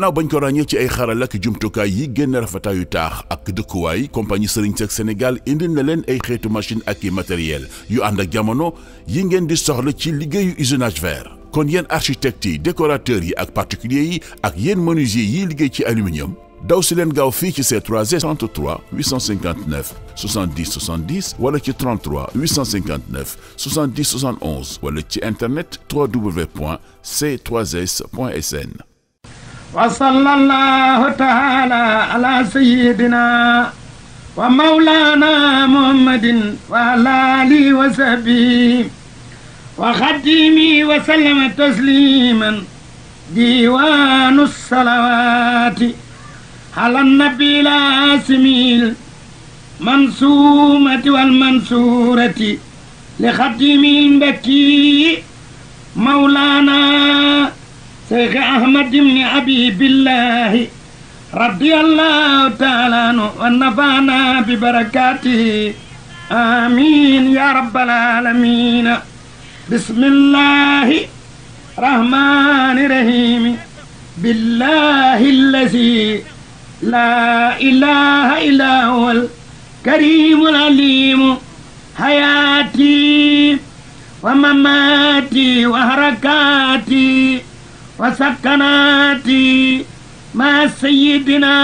gannaaw bañ ko ràññee ci ay xarala ak jumtukaay yi génn rafetaayu taax ak dëkkuwaay compagnie Serigne Seck Sénégal indil na leen ay xeetu machine ak i matériel yu ànd ak jamono yi ngeen di soxla ci liggéeyu usinage vert. kon yenn architecte yi yi ak particulier yi ak yenn menuisier yi liggéey ci aluminium daw si leen gaaw fii ci ces 3S 33 859 70 70 wala ci 33 859 70 71 wala ci internet www.c3s.sn. وصلى الله تعالى على سيدنا ومولانا محمد وعلى آله وصحبه وخدمه وسلم تسليما ديوان الصلوات على النبي العاصم المنصومة والمنصورة لخدمه المبكي مولانا شيخ أحمد بن أبي بالله رضي الله تعالى عنه ونفعنا ببركاته آمين يا رب العالمين بسم الله الرحمن الرحيم بالله الذي لا إله إلا هو الكريم العليم حياتي ومماتي وحركاتي وسكناتي مع سيدنا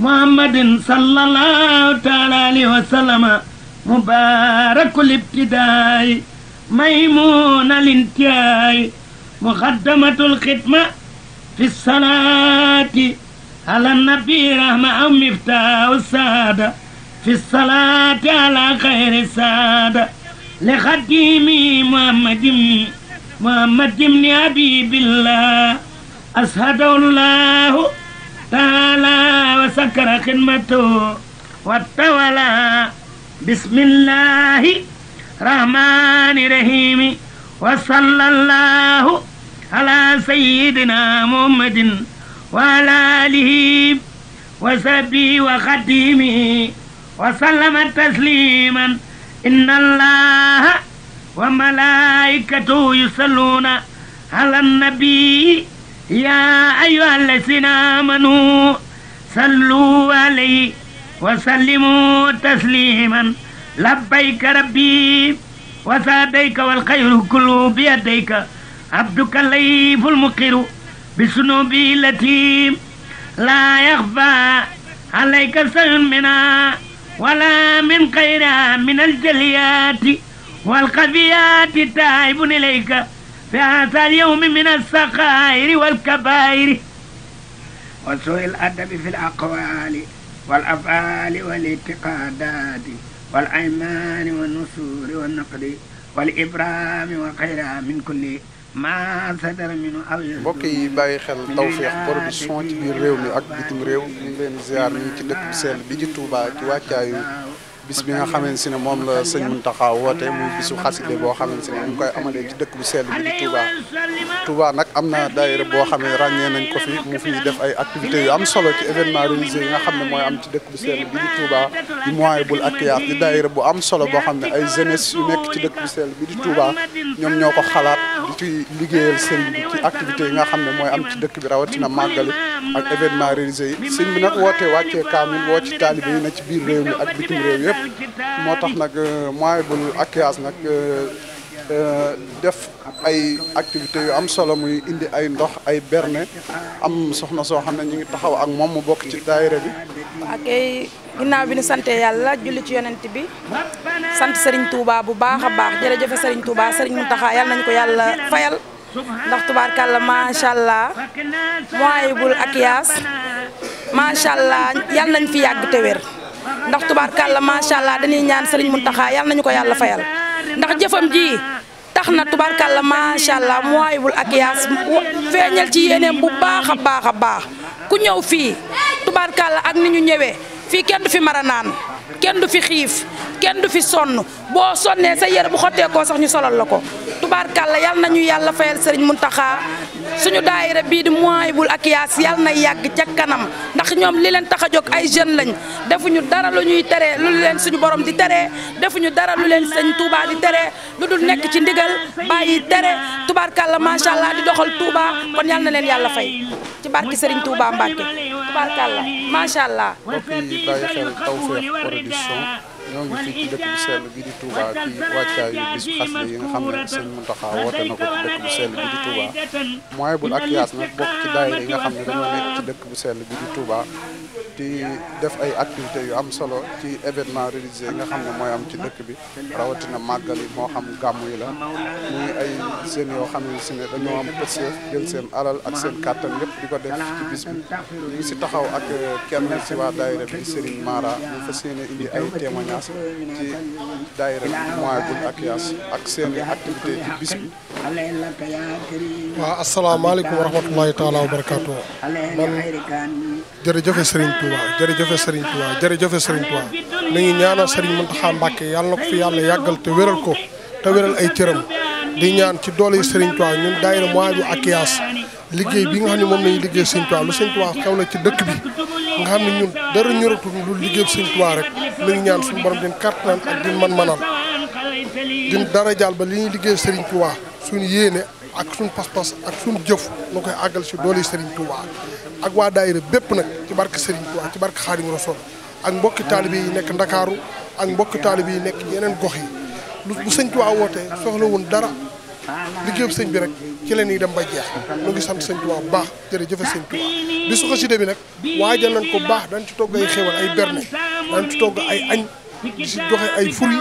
محمد صلى الله تعالى عليه وسلم مبارك الابتداء ميمون الانتهاء مقدمة الختمة في الصلاة على النبي رحمة أم مفتاح السادة في الصلاة على خير السادة لخديم محمد محمد بن حبيب الله أشهده الله تعالى وسكر خدمته والتولى بسم الله الرحمن الرحيم وصلى الله على سيدنا محمد وعلى آله وصحبه وخدمه وسلم تسليما إن الله wa malaikatu yusalluna ala nabi ya ayuha allasina amanu sallu alayhi wa sallimu tasliman labbayka rabbi wa saadayka walxayru kullu biyadayka abduka layfu lmuqiru bisunubi illati laa yaxfa alayka sayun mina wala min xayra min aljaliyaati والخفيات تائب إليك في هذا اليوم من السخائر والكبائر وسوء الأدب في الأقوال والأفعال والاعتقادات والأيمان والنصور والنقد والإبرام والخير من كل ما صدر منه أو mbokk yi bàyyi xel Tawfekh Production ci biir réew mi ak bitim réew ñu ngi leen ziar ñu ci dëkk seen bi ci Touba ci wàccaayu bis bi nga xamante si ne moom la sëñ Mountakha woote muy bisu xaside boo xamante ne ñu ngi koy amalee ci dëkk bu sell bi di Touba Touba nag am na daayira boo xam ne ràññee nañ ko fi mu fiy def ay activités yu am solo ci événement religieux yi nga xam ne mooy am ci dëkk bu sell bi di Touba di Mouwahiboul Akyab di daayira bu am solo boo xam ne ay jeunesse yu nekk ci dëkk bu sell bi di Touba ñoo ko xalaat ci liggéeyal sëriñ bi ci activités yi nga xam ne mooy am ci dëkk bi rawatina màggali ak événement religieux yi sëñ bi nag wootee wàccee kaamil woo ci taalibe yi na ci biir réew mi ak bitim réew yëpp moo tax nag euh, Mawahibou Akyas nag euh, euh, def ay activité yu am solo muy indi ay ndox ay berne am soxna soo xam ne ñu ngi taxaw ak moom mu bokk ci daayira bi. ak ginnaaw bi ñu sante yàlla julli ci yonent bi sant Serigne Touba bu baax a baax seriñ Serigne seriñ Serigne Mountakha yàlla nañ ko yàlla fayal. ndax tubaarkàlla macha allah Mawahibou Akyas macha allah yàlla nañ fi yàgg te wér. ndax tubaar tubaarkàlla macha allah dañuy ñaan Serigne Mountakha yàlla nañu ko yàlla fayal ndax jëfam ji tax na tubaarkàlla macha allah muwaayibul ak yaas feeñal ci yéeneem bu baax a baax a baax ku ñëw fii tubaarkàlla ak ni ñu ñëwee fii kenn du fi mara naan kenn du fi xiif kenn du fi sonn boo sonnee sa yére bu xotteekoo sax ñu solal la ko tubaarkàlla yàlla nañu yàlla fayal Serigne Mountakha. suñu daayira bii di Mouwahiboul Akyaas yàlla na yàgg ca kanam ndax ñoom li leen tax a jóg ay jeunes lañ defuñu dara lu ñuy teree lu leen suñu borom di teree defuñu dara lu leen sëñ Touba di teree lu dul nekk ci ndigal bàyyi tere tubaarkàlla macha allah di doxal Touba kon yàlla na leen yàlla fay ci barki Serigne Touba Mbacke tubaarkàlla macha allah. mbokk yi bàyyi xel Tawfekh ñoo ngi fii ci dëkk bu sell bi di Touba ci wàccaayu bis xasida yi nga xam ne sëñ Muntaxa woote na ko ci dëkk bu sell bi di Touba Mouwahiboul Akyas nag bokk ci daayira yi nga xam ne dañoo nekk ci dëkk bu seen bi di Touba di def ay activités yu am solo ci événement religieux yi nga xam ne mooy am ci dëkk bi rawatina màggal yi moo xam gàmmu yi la muy ay jeunes yoo xam ne si am pësee jël seen alal ak seen kàttan yëpp di ko def ci bis bi ñu ngi si taxaw ak euh, kenn si waa daayira bi Serigne Mara ñu fas yéene indi ay témoignages ci daayira Mouwahiboul Akyaas ak seen i activités ci bis bi. waaw asalaamaaleykum wa rahmatulahi taala wa barakaatu jërëjëf Serigne Touba jërëjëf Serigne Touba jërëjëf Serigne Touba mi ngi ñaanal Serigne Mountakha yàlla ko fi yàlla yàggal te wéral ko te wéral ay cëram di ñaan ci doole yi Serigne Touba ñun daayira Mouwahibu Akyaas liggéey bi nga xam ne moom lañuy liggéey Serigne Touba lu Serigne Touba na ci dëkk bi nga xam ne ñun dara ñoratul lu liggéey Serigne Touba rek mi ngi ñaan suñu borom din kàttan ak din man-manal din dara jàll ba li ñuy liggéey Serigne Touba suñu yéene ak suñu pas-pas ak suñu jëf nu koy àggal ci doole yi Serigne Touba ak waa daayira bépp nag ci barke Serigne Touba ci barke Xaadimu Rasuul ak mbokki taalibe yi nekk Ndakaaru ak mbokki taalibe yi nekk yeneen gox yi lu bu sëñ Touba wootee soxla woon dara liggéeyub sëñ bi rek ci leen ñuy dem ba jeex ñu ngi sant sëñ Touba bu baax jërëjëf sëñ Touba bi su xasida bi nag waajal nañ ko baax dañ ci togg ay xéwal ay berne dañ ci togg ay añ si joxe ay furi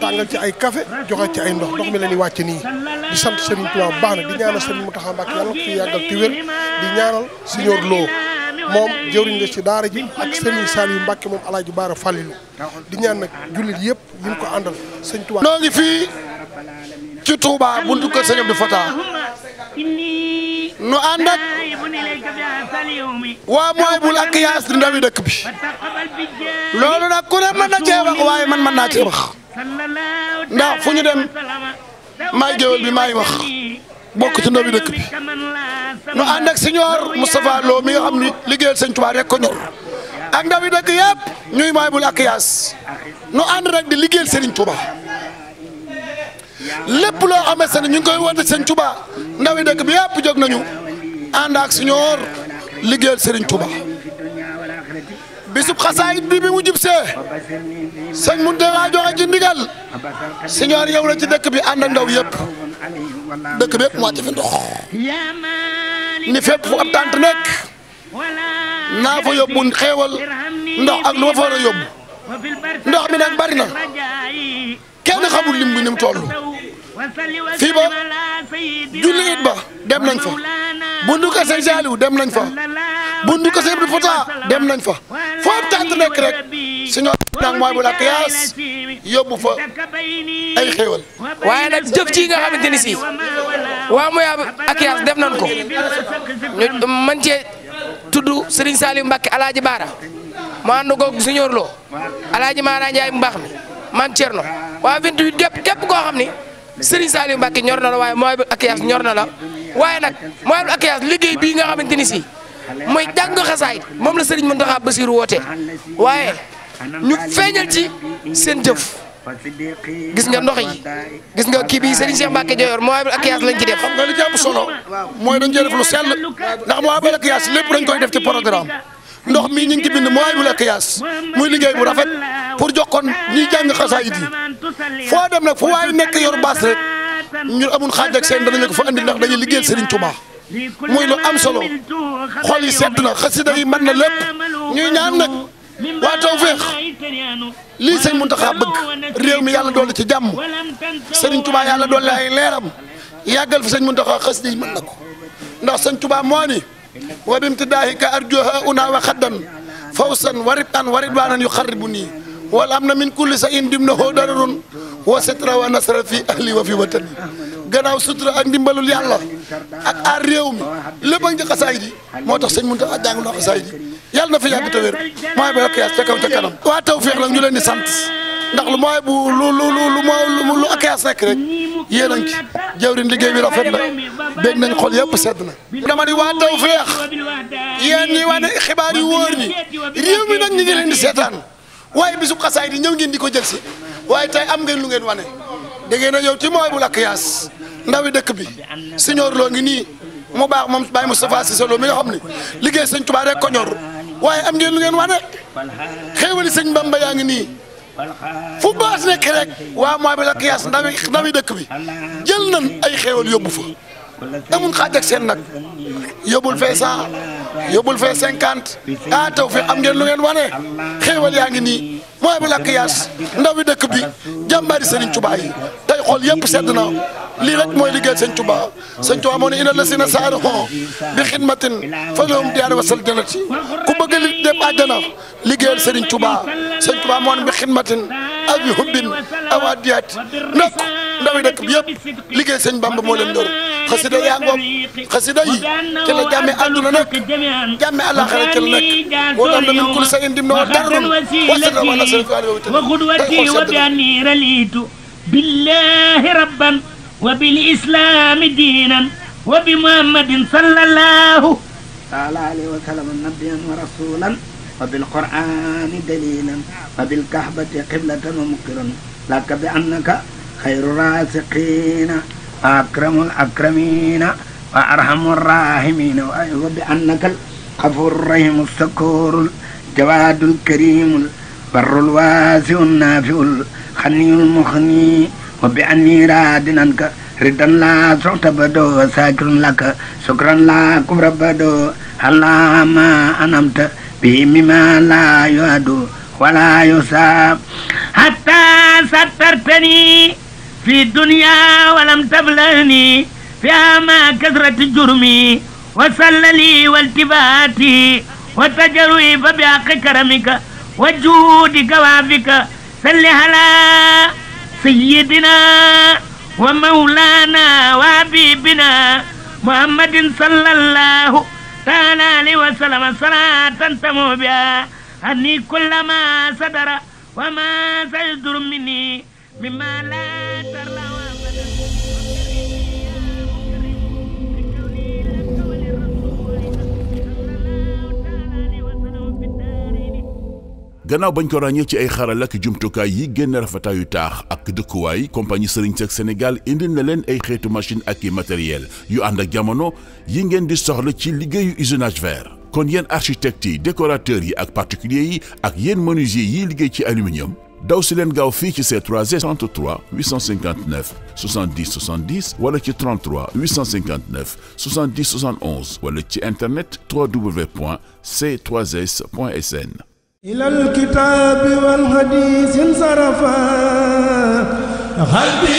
tàngal ci ay café joxe ci ay ndox ndox mi la ñuy wàcc nii di sant Serigne Touba baax na di ñaanal Serigne Mountakha Mbacké yàlla fi yàggal ci wér di ñaanal Serigne loo moom jëwriñ la ci daara ji ak Serigne Saliou Mbacké moom Alaaji Baara Fallilu di ñaan nag jullit yëpp ñu ko àndal Serigne Touba. noo ngi fii ci Touba buntu kër Serigne Abdou Fatah nu ànd waa mooy bul ak yaas di ndawi dëkk bi loolu nag ku ne na cee waaye man man naa cee wax ndax fu ñu dem maay géwél bi maay wax bokk ci ndawi dëkk bi nu ànd ak siñoor Moustapha Lo mi nga xam ni liggéeyal sëñ Tuubaa rek ko ñor ak ndawi dëkk ñuy mooy bul ak nu ànd rek di liggéeyal Serigne Touba. lépp loo xamante ne ñu ngi koy woote sëñ Touba ndawi dëkk bi yëpp jóg nañu ànd ak suñor liggéeyal Serigne Touba. bisub xasaayit bi bi mu jub see sëñ Mountakha joxe ci ndigal suñor yow la ci dëkk bi ànd ak ndaw yëpp dëkk bi yëpp mu wàcc fi ndox ni fépp fu ab tànt nekk naa fa yóbbu xéewal ndox ak lu ma yóbbu ndox mi nag bari na kenn xamul lim ni mu toll. fii ba jullit ba dem nañ fa bundu ko sëñ Saliou dem nañ fa bundu ko sëñ Abdou Fata dem nañ fa foo tànt nekk rek si ñoo nag mooy bu la kiyaas fa ay xéewal waaye nag jëf ji nga xamante ni si waa mooy ak yaas def nañ ko ñu man cee tudd Serigne Saliou Mbacke Alaaji Baara mu ànd ko suñóor loo Alaaji Maara Njaay mu baax mi maam Cerno waa 28 gépp képp koo xam ni Serigne Saliou Mbacké ñor na la waaye Mawahibou Akyas ñor na la waaye nag Mawahibou Akyas liggéey bii nga xamante ni si mooy jàng xasaay moom la Serigne Mountakha Bassirou woote waaye ñu feeñal ci seen jëf gis nga ndox yi gis nga kii bi Serigne Cheikh Mbacké Dioyor Mawahibou Akyas lañ ci def. xam nga li jàpp solo mooy dañ cee def lu sell ndax Mawahibou lépp dañ koy def ci programme ndox mi ñu ngi ci bind Mawahibou Akyas muy liggéey bu rafet. pour jox kon ñuy jàng xasaayit yi foo dem nag fu waay nekk yor baas rek ñu amul xaaj ak seen danañu ko fa andi ndax dañuy liggéeyal Serigne Touba muy lu am xol yi sedd na xasida yi mën na lépp ñuy ñaan nag waa tawféex lii sëñ Muntaxa bëgg réew mi yàlla dolli ci jàmm Serigne Touba yàlla dolli ay leeram yàggal fi sëñ Muntaxa xasida yi mën ko ndax sëñ Touba moo ni wa bimtidaahi ka arjuha una wa xaddan fawsan wa riban wa ridwanan yu xarribu nii wala am na min kulli sa in dim na hoo dararun wa sitra wa nasra fi ahli wa fi watani gannaaw sutura ak ndimbalul yàlla ak aar réew mi lépp a ngi ci moo tax sëñ Muntaxa jàng na xasaay ji yàlla na fa yàgg te wér mooy ba Okias ca kaw ca ñu leen di sant ndax lu mooy bu lu lu lu lu lu Okias nekk rek yéen a ngi ci jëwriñ liggéey bi rafet na bég nañ xol yëpp sedd na dama di waa tawfeex yéen ñi wane xibaar yu wóor ñi réew mi nag ñi ngi leen di waaye bisu xasaay di ñëw ngeen di ko jël si waaye tey am ngeen lu ngeen wane da ngeen a ñëw ci mooy bu lakk yaas ndawi dëkk bi siñoor loo ngi nii mu baax moom Baye Moustapha Cissé Lo mi nga xam ne liggéey sëñ Tuubaa rek ko ñor waaye am ngeen lu ngeen wane xéewali sëñ Bamba yaa ngi nii fu baas nekk rek waa mooy bu lakk yaas ndawi ndawi dëkk bi jël nan ay xéewal yóbbu fa amun xaaj seen nag yóbbul fee saa yóbbul fee cinquante ah taw am ngeen lu ngeen wane xéewal yaa ngi nii mooy bu lakk yaas ndawi dëkk bi jàmbaari Serigne Touba yi tey xool yëpp sedd na lii rek mooy liggéey Serigne Touba Serigne Touba moo ne inna lasina saarixoo bi xidmatin fa lahum diyaar wa sal jannati ku bëgg li dem àjjana liggéeyal Serigne Touba Serigne Touba moo ne bi xidmatin abi hubbin awa diyaati ndokk ndawi dëkk bi yëpp liggéey sëñ Bamba moo leen ñor xasida yaa ngoog xasida yi ci la jàmme àdduna nekk jàmme àllaaxira ci la nekk woo daan min kul sa indim na wa darrun wasata wala sëriñ Aliou Wawite wa xudwati wa bi anni ralitu billahi rabban wa bil islami diinan wa bi muhammadin sallallahu taala alayhi wa sallam nabiyan wa rasulan wa bil qur'ani dalilan wa bil kahbati qiblatan wa muqiran laka bi annaka خير الرازقين وأكرم الأكرمين وأرحم الراحمين وأيضا بأنك الغفور الرحيم الشكور الجواد الكريم البر الواسع النافع الخني المخني وبأني راد عنك ردا لا صوت بدو ساكر لك شكرا لا كبر بدو هلا ما أنمت به مما لا يعد ولا يصاب حتى سترتني في الدنيا ولم تبلغني فيها ما كثرة جرمي وسل لي والتفاتي وتجري فبحق كرمك وجودك وعفك سل على سيدنا ومولانا وحبيبنا محمد صلى الله تعالى عليه وسلم صلاة تنتمو بها أني كل ما صدر وما سيدر مني مما gannaaw bañ ko ràññee ci ay xaral ak jumtukaay yi génn rafetaayu taax ak dëkkuwaay compagnie Serigne Seck Sénégal indil na leen ay xeetu machine ak i matériel yu ànd ak jamono yi ngeen di soxla ci liggéeyu usinage verre kon yéen architectes yi décorateur yi ak particuliers yi ak yéen menuisier yi liggéey ci aluminium daw si leen gaaw fii ci ces 3 33 859 70 70 wala ci 33 859 70 71 wala ci internet www.c3s.sn ilal kitaabi wal hadiis insarafa qalbi